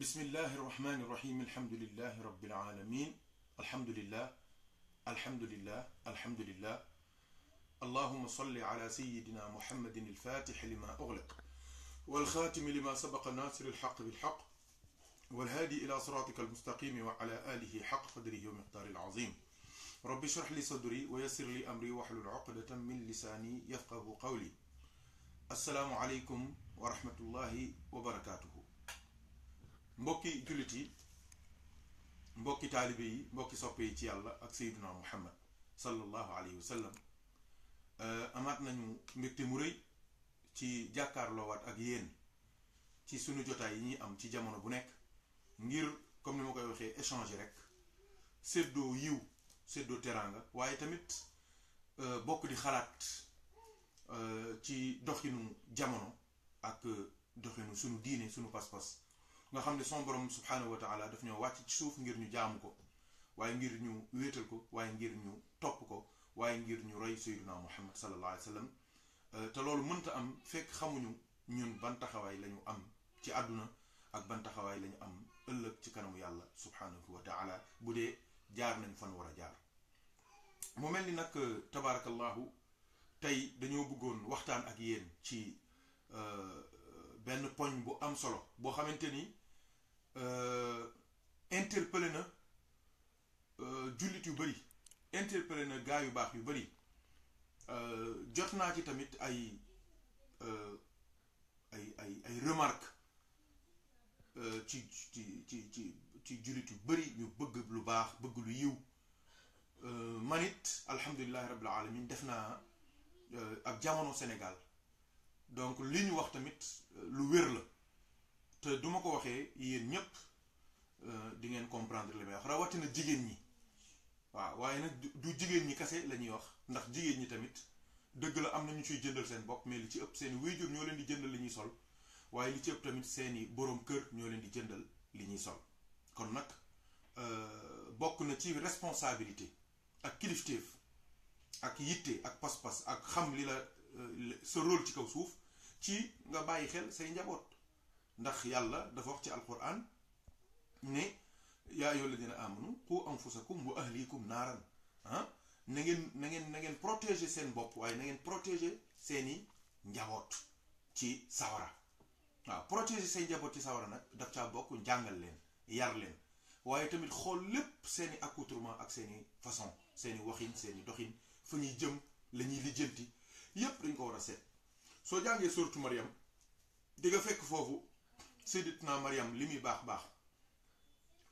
بسم الله الرحمن الرحيم الحمد لله رب العالمين الحمد لله الحمد لله الحمد لله اللهم صل على سيدنا محمد الفاتح لما أغلق والخاتم لما سبق ناصر الحق بالحق والهادي إلى صراطك المستقيم وعلى آله حق قدره ومقدار العظيم رب اشرح لي صدري ويسر لي أمري واحلل عقدة من لساني يفقه قولي السلام عليكم ورحمة الله وبركاته mbokki jullit yi mbokki taalibe yi mbokki soppee yi ci yàlla ak sayyiduna muhammad sallallahu alayhi wa sallam euh, amaat nañu mbégte mu rëy ci jàkkaarloowaat ak yéen ci suñu jotaay yi ñuy am ci jamono bu nekk ngir comme ni ma koy waxee échanger rek seddoo yiw séddoo teraanga waaye tamit euh, bokk di xalaat euh, ci doxinu jamono ak doxinu sunu diine sunu pas-pas nga xam ne son borom subhanahu wa taala daf ñoo wàcc ci suuf ngir ñu jaamu ko waaye ngir ñu wéetal ko waaye ngir ñu topp ko waaye ngir ñu roy sayyiduna muhammad sallallahu alayhi wa sallam euh, te loolu mënta am fekk xamuñu ñun ban taxawaay la ñu am ci àdduna ak ban taxawaay la am ëllëg ci kanamu yàlla subhanahu wa taala bu dee jaar nañ fan war a jaar mu mel ni nag euh, tabaarakallahu tey dañoo bëggoon waxtaan ak yéen ci euh, benn poñ bu am solo boo xamante ni Euh, interpellé na euh, jullit yu bëri interpellé na gaa yu baax yu bëri euh, jot naa ci tamit ay ay ay ay remarque ci ci ci ci ci jullit yu bëri ñu bëgg lu baax bëgg lu yiw manit alhamdulilahi rabbil alamin def naa ab jamono Sénégal donc li ñu wax tamit lu wér la te du ma ko waxee yéen ñëpp euh, di ngeen comprendre li may wax rawatina jigéen ñi waaw waaye nag du jigéen ñi kase la ñuy wax ndax jigéen ñi tamit dëgg la am na ñu ciy jëndal seen bopp mais li ci ëpp seen i wéyjur ñoo leen di jëndal li ñuy sol waaye li ci ëpp tamit seen i boroom kër ñoo leen di jëndal li ñuy sol kon nag euh, bokk na ci responsabilité ak kilifteef ak yitte ak pas-pas ak xam li la euh, sa rôle ci kaw suuf ci nga bàyyi xel say njaboot. ndax yàlla dafa wax ci alquran ne yaa ayyuha alladina amanu qu anfusakum wa ahlikum naaran ah na ngeen na ngeen nangeen ngeen protéger seen bopp waaye na ngeen protéger seeni njaboot ci sawara waaw protéger seen njaboot ci sawara nag daf caa bokk njàngal leen yar leen waaye tamit xool lépp seeni accoutrement ak seeni façon seeni waxin seeni doxin fu ñuy jëm la ñuy lijjanti yépp dañ ko war a seet soo jàngee surtout Mariam di nga fekk foofu Sayyidatuna Maryam li muy baax baax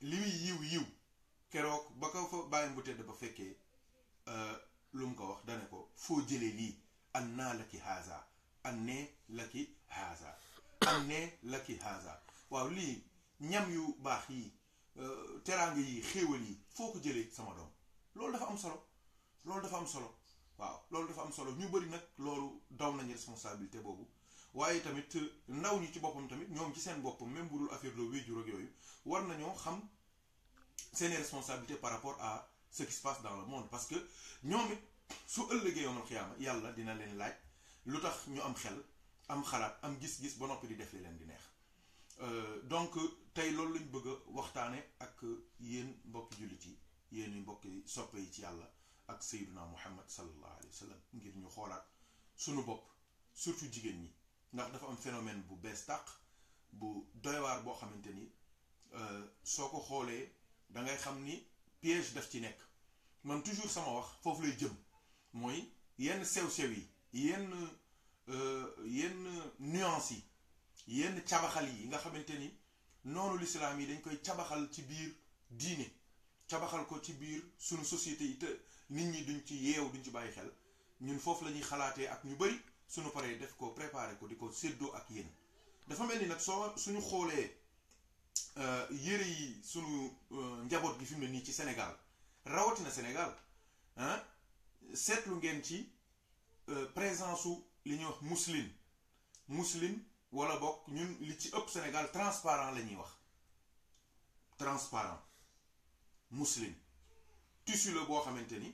li muy yiw yiw keroog ba ko fa bàyyam bu tedd ba fekkee euh, lu mu ko wax dane ko foo jëlee lii an naa la ki haza an ne la ki haza an ne la ki haza waaw lii ñam yu baax yi euh, teraanga yi xéewal yii foo ko jëlee sama doom loolu dafa am solo loolu dafa am solo waaw loolu dafa am solo ñu bëri nag loolu daw nañu responsabilité boobu waaye tamit eh, ndaw ñi ci boppam tamit ñoom ci seen boppam même bu affaire de wéjur ak yooyu war nañoo xam seeni responsabilité par rapport à ce qui se passe dans le monde parce que ñoom it su ëllëgee yoomal xiyaama yàlla dina leen laaj lu tax ñu am xel am xalaat am gis-gis ba noppi di def li leen di neex euh, donc tey loolu lañ bëgg a waxtaane ak yéen mbokki jullit yi yéen i mbokki soppe yi ci yàlla ak sayduna muhammad sallallahu alayhi wa sallam ngir ñu xoolaat suñu bopp surtout jigéen ñi ndax dafa am phénomène bu bees tàq bu doywaar boo xamante ni euh, soo ko xoolee da ngay xam ni piège daf ci nekk man toujours sama wax foofu lay jëm mooy yenn sew-sew yi yenn euh, yenn nuances yi yenn cabaxal yi nga xamante ni noonu lislaam yi dañ koy cabaxal ci biir diine cabaxal ko ci biir suñu société yi te nit ñi duñ ci yeew duñ ci bàyyi xel ñun foofu la ñuy xalaatee ak ñu bëri suñu paree def ko préparer ko diko ko ak yéen dafa melni nak so suñu xolé euh yéré yi suñu euh, njabot gi fi ni ci Sénégal na Sénégal ah seetlu ngeen ci euh, présence su li ñu wax mousseline mousseline wala bok ñun li ci ëpp Sénégal transparent la ñuy wax transparent mousseline tissu le bo xamanteni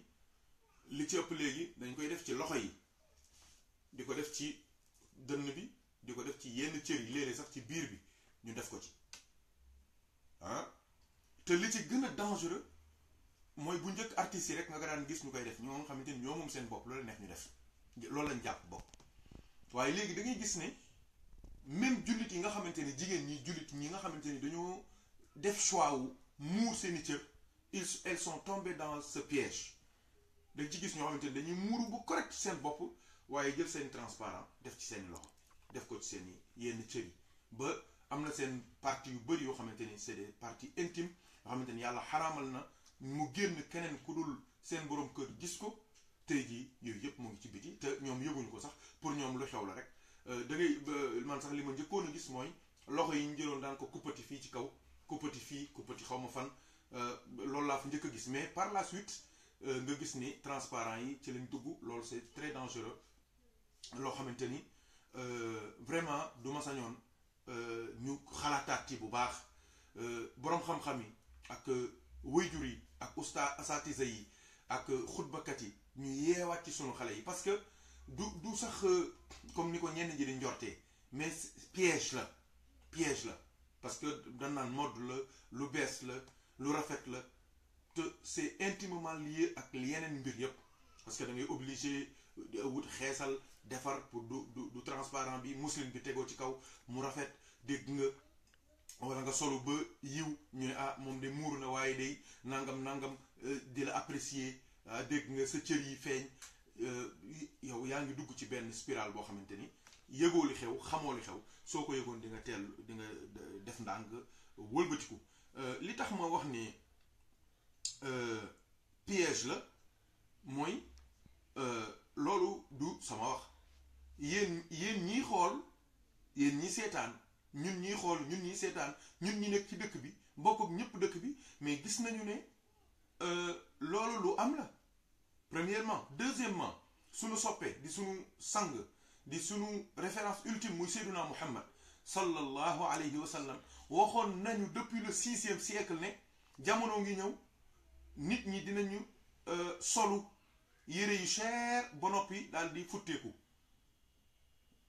li ci ëpp légui dañ koy def ci loxoy yi di ko def ci dënn bi di ko def ci yenn cër yi léeg sax ci biir bi ñu def ko ci ah te li ci gën a dangereux mooy bu njëkk artistes yi rek nga daan gis ñu koy def ñoo nga xamante ni ñoo moom seen bopp loolu neex ñu def loolu lañ jàpp bopp waaye léegi da ngay gis ne même jullit yi nga xamante ni jigéen ñi jullit ñi nga xamante ni dañoo def choix wu muur seeni cër ils elles sont tombées dans ce piège dañ ci gis ñoo xamante ni dañuy muuru bu correct seen bopp waaye jël seen transparent def ci seen loxo def ko ci seen yenn cër yi ba am na seen parti yu bëri yoo xamante ni c'est des parties intimes yoo xamante ni yàlla xaraamal na mu génn keneen ku dul seen borom kër gis ko tey jii yooyu yëpp mu ngi ci biti te ñoom yëguñu ko sax pour ñoom lu xew la rek euh, da ngay man sax li ma njëkkoon a gis mooy loxo yi ñu jëloon daan ko kuppati fii ci kaw kuppati fii kuppati xaw ma fan euh, loolu laa fa njëkk a gis mais par la suite euh, nga gis ni transparent yi ci lañ dugg loolu c'est très dangereux loo xamante ni euh, vraiment du ma sañoon euh, ñu xalaataat bu baax euh, boroom xam-xam yi ak wéyjur yi ak usta asatisa yi ak xutbakat yi ñu yeewaat ci sunu xale yi parce que du du sax comme ni ko ñenn ji di njortee mais piège la piège la parce que dañ naan mode la lu bees la lu rafet la te c'est intimement lié ak yeneen mbir yépp parce que da ngay obligé wut xeesal de pour du du transparent bi muslim bi ci kaw mu rafet nga wala nga solo ba ah, nangam nangam euh, di apprécier ah, nga sa des yi euh, yow dugg ci spirale bo xew xew soko di nga di nga euh, def li tax wax ni piège la euh lolu du sama wax yéen yéen ñiy xool yéen ñi seetaan ñun ñiy xool ñun ñiy seetaan ñun ñi nekk ci dëkk bi mbokk ak ñëpp dëkk bi mais gis nañu ne euh, loolu lu am la premièrement deuxièmement suñu soppee di suñu sang di suñu référence ultime muy Seyduna Muhammad sallallahu alayhi wa sallam waxoon nañu depuis le si siècle ne jamono ngi ñëw nit ñi dinañu euh, solu yére yu cher ba noppi daal di futteeku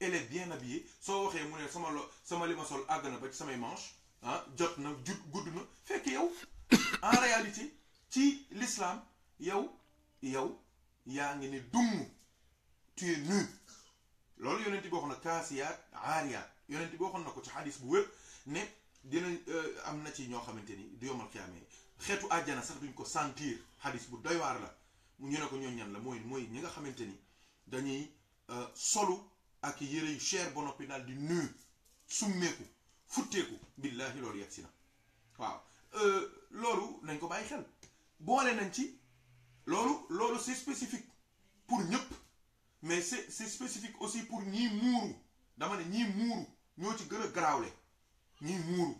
elle est bien habillé soo waxee mu ne sama lo sama li ma sol àgg na ba ci samay manche ah jot na jut gudd na fekk yow en réalité ci l'islam yow yow yaa ngi ne dumm tu es nu loolu yonent bi waxoon na kaasiyaat aariyaat yonent bi waxoon na ko ci xadis bu wér ne dina euh, am na ci ñoo xamante ni du yomal xiyaamee xeetu sax duñ ko sentir hadith bu doy war la mu ñu ne ko ñoo ñan la moy moy ñi nga xamanteni ni dañuy euh, solo ak yëre yu cher ba noppi daal di nuyu summeeku futteeku billaahi loolu yegg si na waaw euh, loolu nañ ko bàyyi xel boole nañ ci loolu loolu c'est spécifique pour ñëpp mais c'est c'est spécifique aussi pour ñii muuru dama ne ñii muuru ñoo ci gën a garaawle ñii muuru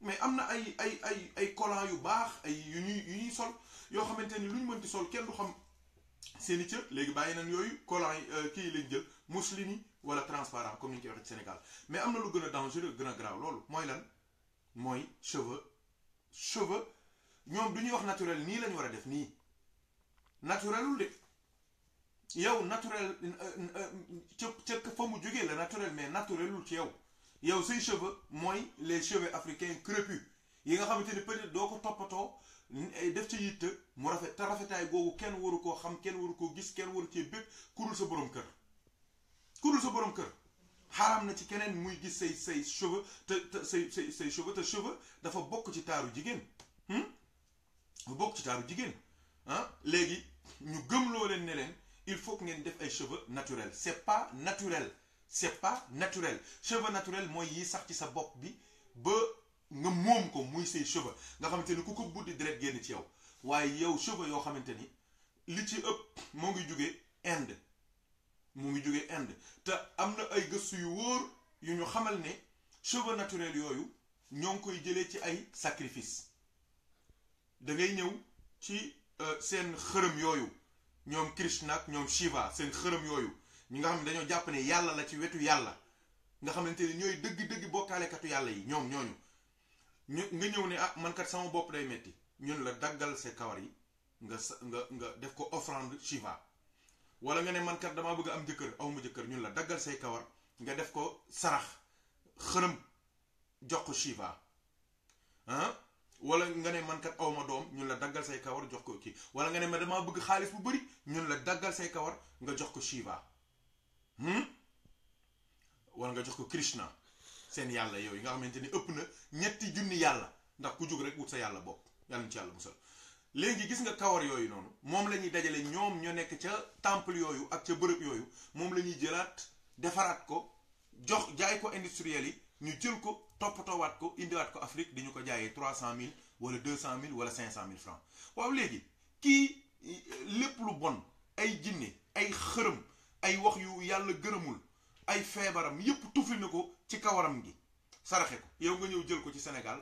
mais am na ay ay ay ay collants yu baax ay yu ñuy yu ñuy sol yoo xamante ni lu ñu mënti sol kenn du xam seen i cër léegi bàyyi nañ yooyu collant yi euh, kii lañ jël mousseline wala transparent comme ni ñu koy Sénégal mais am na lu gën a dangereux gën a grave loolu mooy lan mooy cheveux cheveux ñoom du ñuy wax naturel nii la ñu war a def nii naturelul de yow naturel euh, euh, ca ca fa mu jógee la naturel mais naturelul ci yow yow say cheveux mooy les cheveux africains crépus yi nga xamante ni peut-être doo ko toppatoo def ci yitte mu rafet te rafetaay googu kenn waru koo xam gis sa borom kër sa borom kër xaram na ci muy gis say say cheveux te te say say say cheveux te cheveux dafa bokk ci taaru jigéen hmm bokk ci taaru jigéen ah, ñu gëm leen il faut que ngeen cheveux naturels c'est pas naturel c'est pas naturel cheveux naturel mooy yi sax ci sa nga moom ko muy say cheveux nga xamante ni ku ko buddi direct génn ci yow waaye yow cheveux yoo xamante ni li ci ëpp moo ngi jugee Inde mu ngi jugee Inde te am na ay gëstu yu wóor yu ñu xamal ne cheveux naturels yooyu ñoo ngi koy jëlee ci ay sacrifice da ñëw ci euh, seen xërëm yooyu ñoom Krishna nag ñoom Shiva seen xërëm yooyu ñi nga xam ne dañoo jàpp ne yàlla la ci wetu yàlla nga xamante ni ñooy dëgg-dëgg bokkaalekatu yàlla yi ñoom ñooñu ñu nga ñëw ne ah man kat sama bopp day metti ñun la daggal sa kawar yi nga sa nga nga def ko offrande Shiva wala nga ne man kat damaa bëgg am jëkkër awma jëkkër ñun la daggal say nga def ko sarax xërëm jox ko Shiva ah wala nga ne man kat awma doom ñun la daggal say kawar jox ko kii wala nga ne ma damaa bëgg xaalis bu bari ñun la daggal say kawar nga jox ko Shiva hmm? wala nga jox ko Krishna. seen yàlla yooyu nga xamante ni ëpp na ñetti junni yàlla ndax ku jug rek wut sa yàlla bopp yàlla ci yàlla musal léegi gis nga kawar yooyu noonu moom la ñuy dajale ñoom ñoo nekk ca temple yooyu ak ca bërëb yooyu moom la ñuy jëlaat defaraat ko jox jaay ko industriel yi ñu jël ko toppatoowaat ko indiwaat ko Afrique diñu ko jaayee trois mille wala deux mille wala cinq mille francs waaw léegi kii lépp lu bon ay jinne ay xërëm ay wax yu yàlla gërëmul ay feebaram yépp tufli na ko ci kawaram gi saraxé ko yow nga ñew jël ko ci sénégal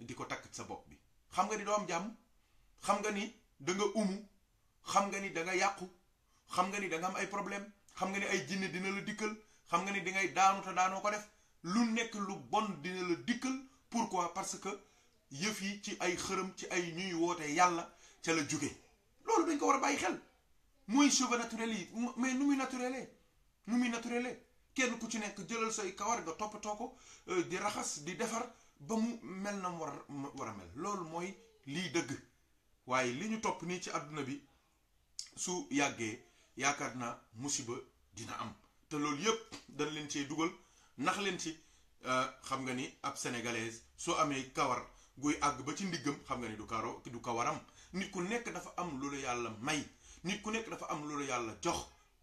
diko tak ci sa bop bi xam nga di doom jam xam nga ni da nga umu xam nga ni da nga yaqku xam nga ni da nga am ay problème xam nga ni ay jinn dina la dikkel xam nga ni di ngay daanu ta daano ko def lu nekk lu bon dina la dikkel pourquoi parce que yëf yi ci ay xërëm ci ay ñuy woote yàlla ca la jóge loolu dañ ko war a bàyyi xel mooy cheveux yi mais nu naturelé nu naturelé kenn ku ci nekk jëlal say kawar nga toppatoo ko euh, di raxas di defar ba mu mel na mu war a mel loolu mooy lii dëgg waaye li ñu topp nii ci àdduna bi su yàggee yaakaar naa musiba dina am te loolu yëpp dañ leen cee dugal nax leen ci euh, xam nga ni ab sénégalaise soo amee kawar guy àgg ba ci ndiggam xam nga ni du karo du kawaram nit ku nekk dafa am lu la yàlla may nit ku nekk dafa am lu la yàlla jox.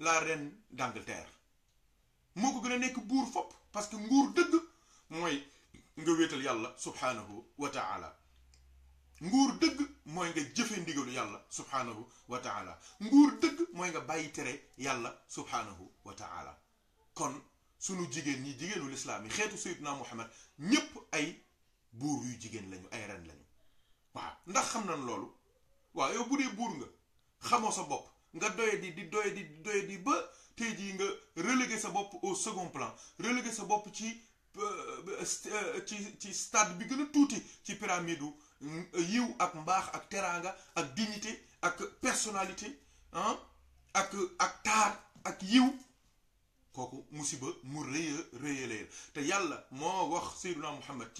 la reine d' Angleterre moo ko gën a nekk buur fopp parce que nguur dëgg mooy nga wéetal yàlla subhanahu wa ta'ala nguur dëgg mooy nga jëfe ndigalu yàlla subhanahu wa ta'ala nguur dëgg mooy nga bàyyi tere yàlla subhanahu wa ta'ala kon sunu jigéen ñi jigéenu lislaam yi xeetu sayyidna Muhammad ñépp ay buur yu jigéen lañu ay ren lañu waaw ndax xam nañ loolu waaw yow bu dee buur nga xamoo sa bopp nga doye di doye di ba au second plan reléguer sa bopp ci euh, euh, ci stade bi ci pyramide euh, yiw ak mbaax ak teranga ak dignité ak personnalité ah ak ak taar ak yiw musiba te wax Muhammad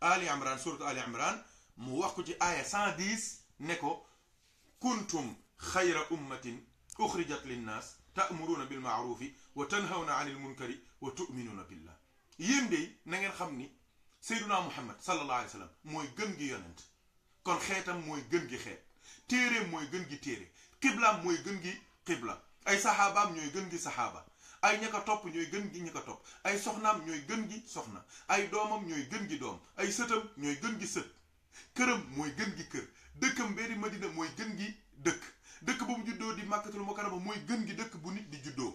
Ali Amran, sur Ali Amran mu wax ci 110 kuntum خير أمة أخرجت للناس تأمرون بالمعروف وتنهون عن المنكر وتؤمنون بالله يمدي نغن خمني سيدنا محمد صلى الله عليه وسلم موي گنگي يوننت كون خيتام موي گنگي خيت تيري موي گنگي تيري قبلة موي گنگي قبلة اي صحابة موي گنگي صحابة اي نيكا توپ نيوي گنگي نيكا توپ اي سخنام نيوي گنگي سخنا اي دومام نيوي گنگي دوم اي ستم نيوي گنگي ست كرم موي گنگي كر دكم بيري مدينة موي گنگي دك dëkk bu mu juddoo di màkkatul mukarrama mooy gën gi dëkk bu nit di juddoo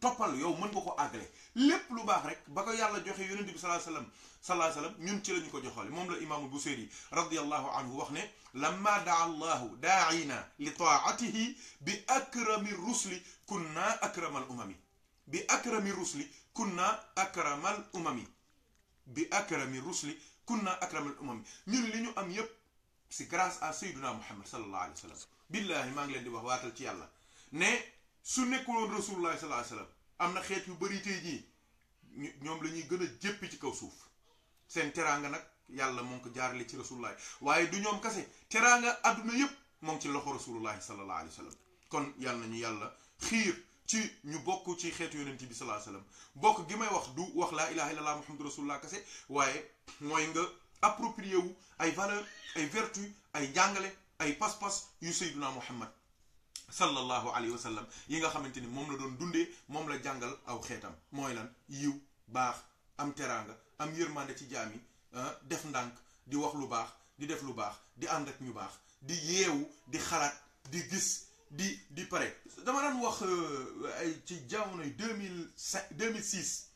toppal yow mën nga ko àggale lépp lu baax rek ba ko yàlla joxe yonent bi salaa sallam salaa sallam ñun ci lañu ko joxale moom la imaamul buseyri radiallahu anhu wax ne lamma daa allahu daaina li taatihi bi akrami rusli kunna akramal umami bi akrami rusli kunna akramal umami bi akrami rusli kunna akramal umami ñun li ñu am yépp si grâce à sayduna muhammad sallallahu alayhi wa billaahi maa ngi leen di wax waatal ci yàlla ne su nekkuloon rasulullah sallallahu alayhi wasallam am na xeet yu bari tey jii ñoom la ñuy gën a jéppi ci kaw suuf seen teraanga nag yàlla moo ko jaarale ci rasulullah waaye du ñoom kase teraanga àdduna yépp moom ci loxo rasulullah sallallahu alayhi kon yàlla nañu yàlla xiir ci ñu bokk ci xeetu yonent bi sallallahu alayhi bokk gi may wax du wax laa ilaha illallah muhammadu rasulullah kase waaye mooy nga approprier wu ay valeur ay vertu ay njàngale ay pas-pas yu sayduna muhammad sallallahu alayhi wa sallam yi nga xamante ni moom la doon dundee moom la jàngal aw xeetam mooy lan yiw baax am teraanga am yërmande ci jaami yi ah, def ndànk di wax lu baax di def lu baax di ànd ak ñu baax di yeewu di xalaat di gis di di pare dama daan wax euh, ay ci jamonoy deux mille cinq deux mille six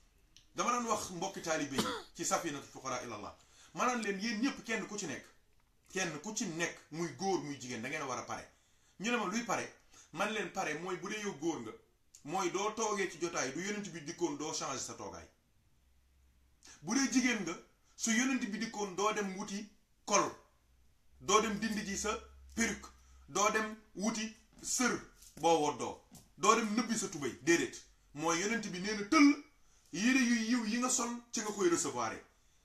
dama daan wax mbokki taalibe yi ci safinatu fuqara ilallah maanaam leen yéen ñëpp kenn ku ci nekk kenn ku ci nekk muy góor muy jigéen da ngeen war a pare ñu ne ma luy pare man leen pare mooy bu dee yow góor nga mooy doo toogee ci jotaay du yonent bi dikkoon doo changer sa toogaay bu dee jigéen nga su yonent bi dikkoon doo dem wuti kol doo dem dindi ji sa perruque doo dem wuti sër boo doo dem nëbbi sa tubéy déedéet mooy yonent bi nee na tëll yére yu yiw yi nga sol ci nga koy recevoir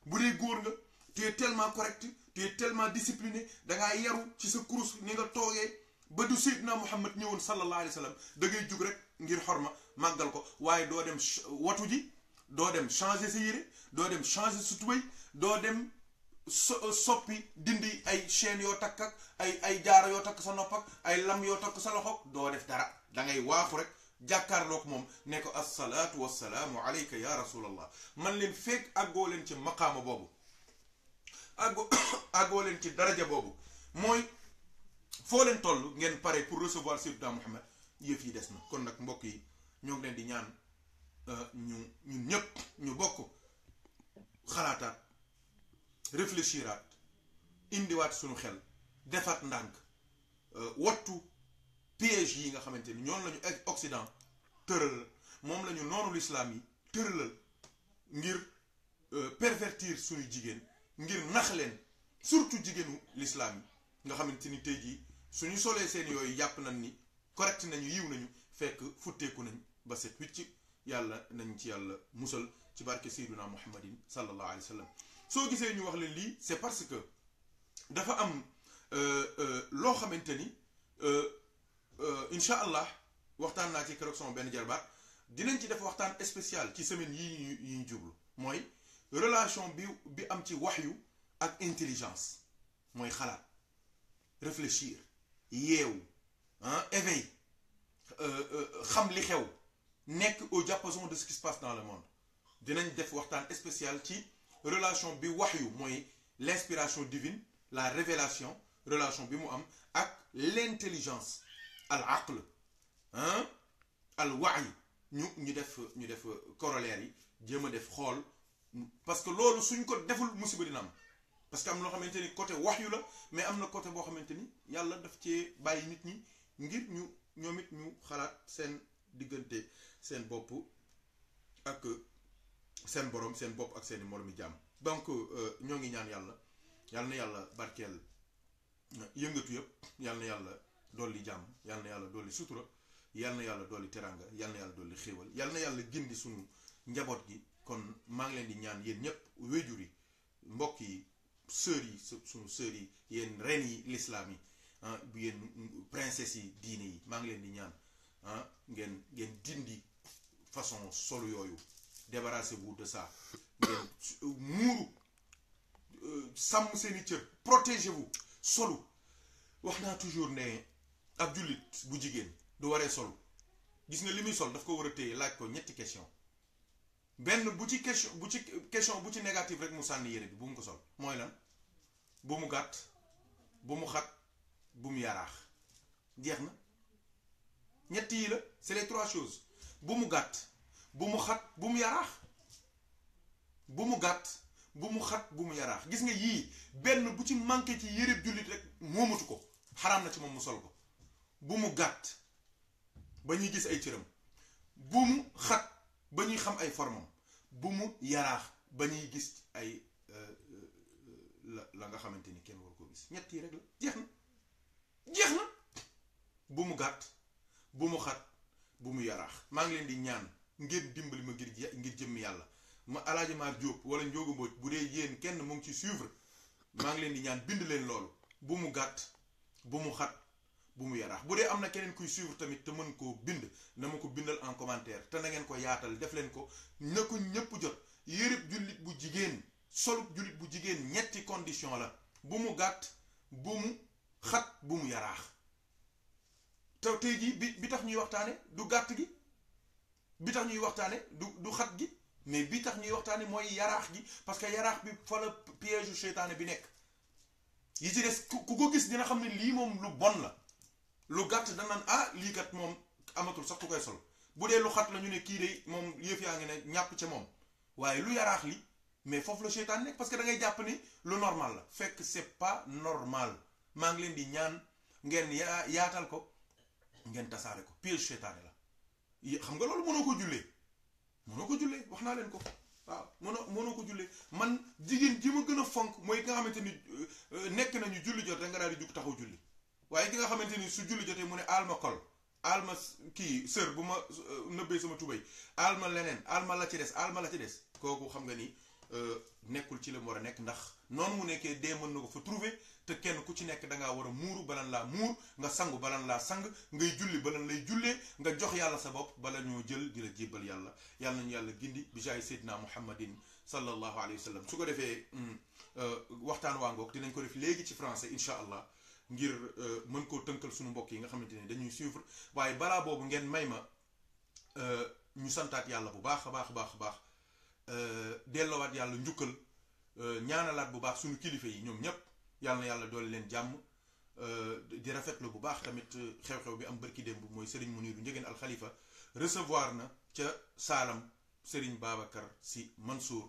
bu dee góor nga tu es correct tu es tellement discipliné da nga yaru ci sa course ni nga toogee ba du Seydina Muhammad ñëwoon sallalahu alayhi wasallam da ngay jug rek ngir xorma magal ko waye do dem watu ji do dem changer sa yére do dem changer sa tubay do dem soppi dindi ay chaîne yo tak ak ay ay jaaro yo tak sa nopp ak ay lam yo tak sa loxok do def dara da ngay waxu rek jàkkaarloog moom ne ko assalaatu wassalamu alayka ya rasulallah man len fek agolen ci maqama bobu àggoo àggoo leen ci daraja boobu mooy foo leen tollu ngeen pare pour recevoir Seydina Mouhamed yëf yi des na kon nag mbokk yi ñoo ngi leen di ñaan euh, ñu ñun ñëpp ñu bokk xalaataat réfléchiraat indiwaat suñu xel defaat ndànk euh, wattu piège yi nga xamante ni ñoom lañu ñu Occident tëral moom lañu noonu lislaam yi tëralal ngir euh, pervertir suñu jigéen. ngir nax leen surtout jigéenu l'islam yi nga xamanteni ni tey suñu solee seen yooyu jàpp nañ ni correct nañu yiw nañu fekk futteeku nañ ba set wicc yàlla nañ ci yàlla musal ci barke sayduna muhammadin sallallahu alayhi wasallam sallam soo gisee ñu wax leen lii c'est parce que dafa am euh, euh, loo xamante ni incha allah waxtaan naa ci keroog sama benn jarbaat dinañ ci def waxtaan spécial ci semaine yii ñu ñu jublu mooy relation bi bi am ci waxyu ak intelligence moy xalaat réfléchir yeewu hein, éveil euh, euh, xam li xew nek au diapason de ce qui se passe dans le monde dinañ def waxtan spécial ci relation bi wahyu moy l'inspiration divine la révélation relation bi mu am ak l'intelligence al aql hein, al wa'y ñu ñu def ñu def corollaire yi jéem def xol parce que loolu suñ ko deful musibe dina am parce que am lo xamanteni côté wax la mais amna côté bo xamanteni yalla daf ci baye nit ñi ngir ñu ñomit ñu xalat seen digënté seen bop ak seen borom seen bop ak seeni moroomi jam donc euh, ñoo ngi ñaan yalla yalla na yalla barkel yëngatu yëpp yalla na yalla doli jam yalla na yalla doli sutura yalla na yalla doli teranga yalla na yalla doli xewal yalla na yalla gindi suñu njabot gi kon maa ngi leen di ñaan yéen ñëpp wéjur yi mbokk yi sœurs yi suñu sœurs yi yéen reine yi l'islam yi ah yéen princesse yi diine yi maa ngi leen di ñaan ah, ngeen ngeen dindi façon solo yooyu débarrassez-vous de ça ngeen muuru euh, sàmm seeni cër protégez-vous solu wax naa toujours ne ab jullit bu jigéen du waree solu gis nga li muy sol daf ko war a téye laaj ko ñetti question Ben bu ci question bu ci question bu ci négatif rek mu sànni yére bi bu mu ko sol mooy lan bu mu gàtt bu mu xat bu mu yaraax jeex na ñett yi la c'est les trois choses bu mu gàtt bu mu xat bu mu yaraax bu mu gàtt bu mu xat bu mu yaraax gis nga yii benn bu ci manqué ci yéreb jullit rek moomatu ko xaraam na ci moom mu sol ko bu mu gàtt ba ñuy gis ay cëram bu mu xat ba ñuy xam ay formam bu mu yaraax ba ñuy gis ay euh, euh, la la nga xamante ni kenn war koo gis ñett yi rek la jeex na jeex na bu mu gàtt bu mu xat bu mu yaraax maa ngi leen di ñaan ngir dimbali ma ngir ngir jëmm yàlla ma Alaaji Maar Jóob wala Njóogu bu dee yéen kenn mu ngi ci suivre maa ngi leen di ñaan bind leen loolu bu mu gàtt bu mu xat bu mu yaraax bu dee am na keneen kuy suivre tamit te mën koo bind na ma ko bindal en commentaire te na ngeen ko yaatal def leen ko na ko ñëpp jot yërëb jullit bu jigéen solub jullit bu jigéen ñetti condition la bu mu gàtt bu mu xat bu mu yaraax te tey jii bi bi tax ñuy waxtaane du gàtt gi bi tax ñuy waxtaane du du xat gi mais bi tax ñuy waxtaane mooy yaraax gi parce que yaraax bi fa la piège u seytaane bi nekk yi ci des ku ko gis dina xam ne lii moom lu bon la lu gàtt danaan ah lii kat moom amatul sax ku koy sol bu dee lu xat la ñu ne kii de moom yëf yaa ngi ne ñàpp ca moom waaye lu yaraax li mais foofu la seytaan nekk parce que da ngay jàpp ni lu normal la fekk c'est pas normal maa ngi leen di ñaan ngeen yaa yaatal ko ngeen tasaare ko piège seytaane la xam nga loolu mënoo ko jullee mënoo ko jullee wax naa leen ko waaw mëno mënoo ko jullee man jigéen ji ma gën a fonk mooy nga xamante ni euh, euh, nekk nañu julli jot da nga daal di jug taxaw julli waye ki nga xamanteni su julli jotee mu ne aal kol alma ki kii buma bu sama tubay alma lenen alma la ci dess alma la ci dess koku xam nga ni euh nekul ci le mo war a ndax non mu nekkee dé mën nako fa trouver te kenn ku ci nek da nga wara muru balan la mur nga sangu balan la sang ngay julli balan lay julle nga jox yàlla sa bop bala ñoo jël dila jibal yàlla yàlla ñu yàlla gindi bi jay sayyidina muhammadin sallallahu alayhi wasallam su ko defee waxtan wa ngok dinañ ko def léegi ci français inshallah ngir mën koo tënkal suñu mbokk yi nga xamante ne dañuy suivre waaye balaa boobu ngeen may ma ñu santaat yàlla bu baax a baax a baax a baax delloowaat yàlla njukkal ñaanalaat bu baax suñu kilifa yi ñoom ñépp yàlla na yàlla doole leen jàmm di rafetlu bu baax tamit xew-xew bi am barki démb bu mooy Serigne Mounirou Ndiéguène Al Khalifa recevoir na ca saalam Serigne Babacar si Mansour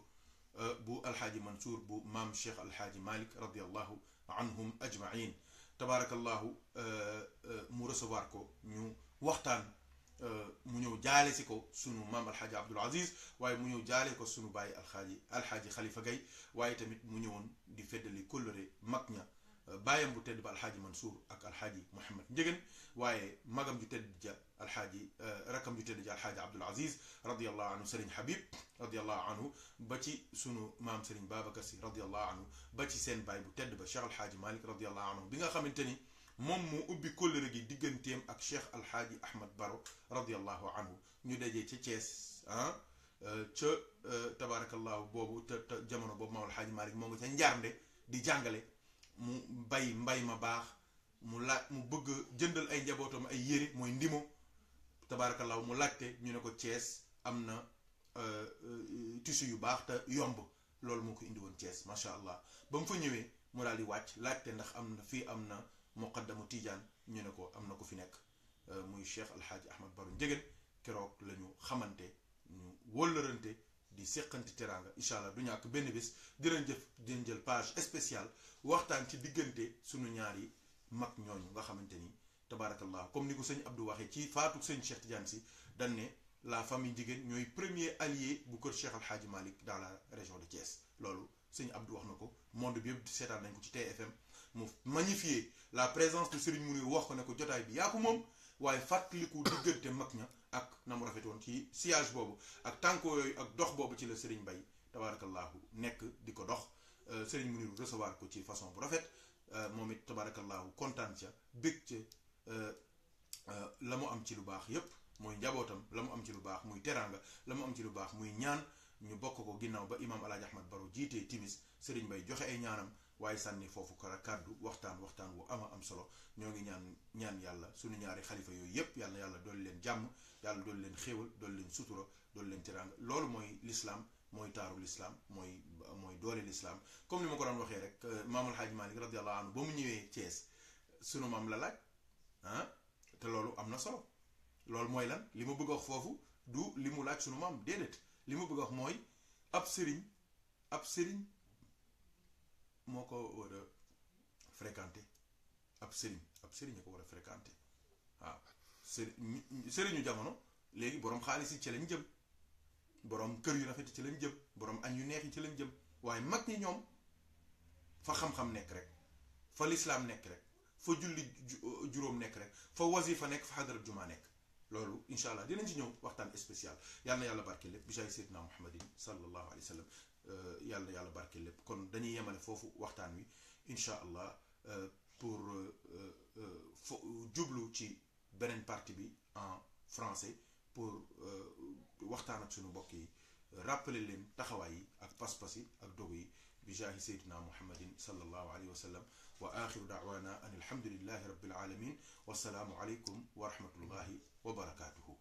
bu alxaaji Mansour bu maam Cheikh alxaaji Malik radiallahu anhum ajmain tabaarakallahu euh, euh, mu recevoir ko ñu waxtaan euh, mu ñëw jaale si ko sunu maam alxaaji abdul waaye mu ñëw jaale ko sunu bàyyi alxaaji alxaaji xalifa gay waaye tamit mu woon di feddali kóllëre mag ña bàyyam bu tedd ba alxaaji Mansour ak alxaaji Mouhamed Ndiéguène waaye magam ju tedd ja alxaaji rakam ju tedd ja alxaaji Abdoul Aziz radiallahu anhu Serigne Habib radiallahu anhu ba ci sunu maam Serigne Babacar Sy radiallahu anhu ba ci seen baay bu tedd ba Cheikh alxaaji Malick radiallahu anhu bi nga xamante ni moom moo ubbi kóllëre gi digganteem ak Cheikh alxaaji Ahmad Baro radiallahu anhu ñu dajee ca Thiès ah ca tabaarakallahu boobu te jamono boobu maam alxaaji Malick moo nga ca njaarnde di jàngale mu bay mbay ma baax mu laaj mu bëgg jëndal ay njabootam ay yére mooy ndimo tabaarakallaahu mu laajte ñu ne ko cees am na euh, euh, tissu yu baax te yomb loolu moo ko indi woon Thiès macha allah ba mu fa ñëwee mu daal di wàcc laajte ndax am na fii am na muqaddamu tijaan ñu ne ko am na ko fi nekk euh, muy cheikh alxaaji ahmad baru njëgéen keroog la ñu xamante ñu wóllërante di seqanti teraanga inshallah allah du ñàkk benn bis lañ jëf di jël page spéciale waxtaan ci digënté suñu ñaari mag ñooñu nga xamante ni comme ni ko sëñ Abdou waxee ci fatou sëñ Cheikh Tidiane si dañ né la famille jigéen ñoy premier allié bu ko Cheikh Al Hadj Malik dans la région de Thiès loolu sëñ Abdou wax ko monde bi yëpp seetaan nañ ko ci TFM mu magnifier la présence de Serigne Mounir wax ko ne ko jotaay bi ya ko mom waye fatlikou digënté mag ña. ak na mu rafetoon ci sillage boobu ak tànkoo yooyu ak dox boobu ci la sëriñ Bay tabaarakallaahu nekk di ko dox euh, sëriñ Muniru recevoir ko ci façon bu rafet euh, moom it tabaarakallaahu kontaan ca bég ca euh, la mu am ci lu baax yépp mooy njabootam la mu am ci lu baax muy teraanga la mu am ci lu baax muy ñaan ñu bokk ko ginnaaw ba imaam Alaaji Ahmad Baro jiitee timis sëriñ Bay joxe ay ñaanam waaye sànni foofu kara kàddu waxtaan waxtaan wu ama am solo ñoo ngi ñaan ñaan yàlla suñu ñaari xalifa yooyu yépp yàlla yàlla doolu leen jàmm yàlla doolu leen xéewal dool leen sutura dool leen teraanga loolu mooy lislaam mooy taaru lislaam mooy mooy doole lislaam comme ni ma ko doon waxee rek euh, maamul xaaj Maalik radiyallahu anhu ba mu ñëwee Thiès suñu maam la laaj ah, te loolu am na solo loolu mooy lan li ma bëgg a wax foofu du li mu laaj sunu maam déedéet li ma bëgg a wax mooy ab sëriñ moko wara war a fréquenté ab sëriñ ab sëriñ ko war a fréquenté waaw sëriñu jamono léegi borom xaalis ci lañ jëm borom kër yu rafet ci lañ jëm borom añ yu neex ci lañ jëm waye mag ñi ñom fa xam-xam nek rek fa l'islam nek rek fa julli jurom nek rek fa wazifa nek fa hadra juma nek loolu inshallah dinañ ci ñëw waxtan spécial yalla yàlla barke lépp bi jaay seydina muhammadin sallallahu alayhi wasallam yàlla yàlla barke lépp kon dañuy yemale foofu waxtaan wi incha allah pour fo jublu ci beneen partie bi en français pour waxtaan ak suñu mbokk yi rappeler leen taxawaay yi ak pas-pas yi ak dogu yi bi jaahi sayyidina muhammadin sallallahu alayhi wa sallam wa axiru daawana an alhamdulillahi rabbil alamin wasalaamu aleykum wa rahmatullahi wa barakaatuhu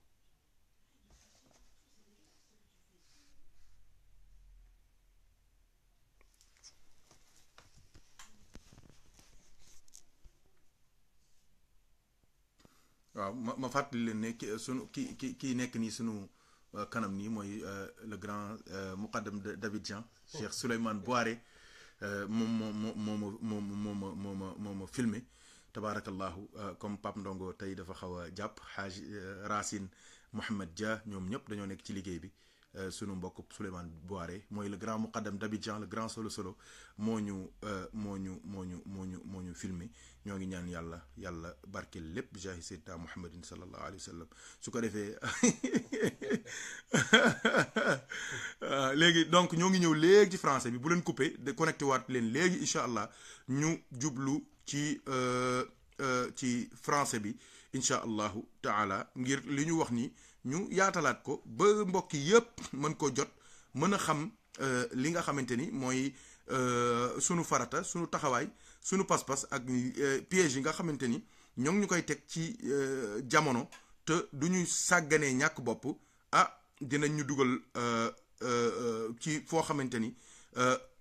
waaw ma ma fàttali leen ne ki sunu ki ki kii nekk nii sunu euh, kanam nii mooy euh, le grand euh, muqaddam d'Abidjan Cheikh Souleymane Boiré moom moo moo moo moo ma moo ma moo ma filmé tabaarakallaahu comme Pape Ndongo tey dafa xaw a jàpp xaaj Racine Mouhamed Dia ñoom ñëpp dañoo nekk ci liggéey bi Euh, sunu le grand muqaddam d'Abidjan le grand solo solo moñu euh, filmé ñaan sallallahu alayhi euh, donc ñogi ñew légui français bi bu de connecté wat len légui ñu français bi taala ngir ni ñu yaatalaat ko ba mbokk yëpp mën ko jot mën a xam euh, li nga xamante ni mooy euh, sunu farata sunu taxawaay sunu pas-pas ak euh, piège yi nga xamante ni ñoom ñu koy teg ci jamono te du ñu sàgganee ñàkk bopp ah dinañ ñu dugal ci foo xamante ni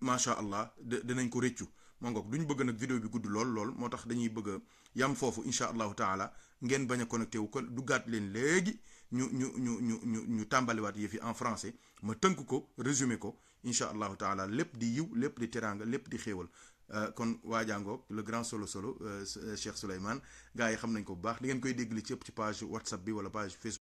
macha allah dinañ ko rëccu moo ngoog ñu bëgg nag vidéo bi gudd lool lool moo tax dañuy bëgg yam foofu incha allahu taala ngeen bañ a connecté wu ko duggaat leen léegi. ñu ñu nous en français ma tënk ko résumé ko nous, allahu taala lépp di yiw lépp di nous, lépp di xéewal euh, kon nous, le grand solo solo euh, euh, Cheikh Souleymane gars yi xam nañ ko bu baax di ngeen koy dégg li ci ci page WhatsApp bi wala page Facebook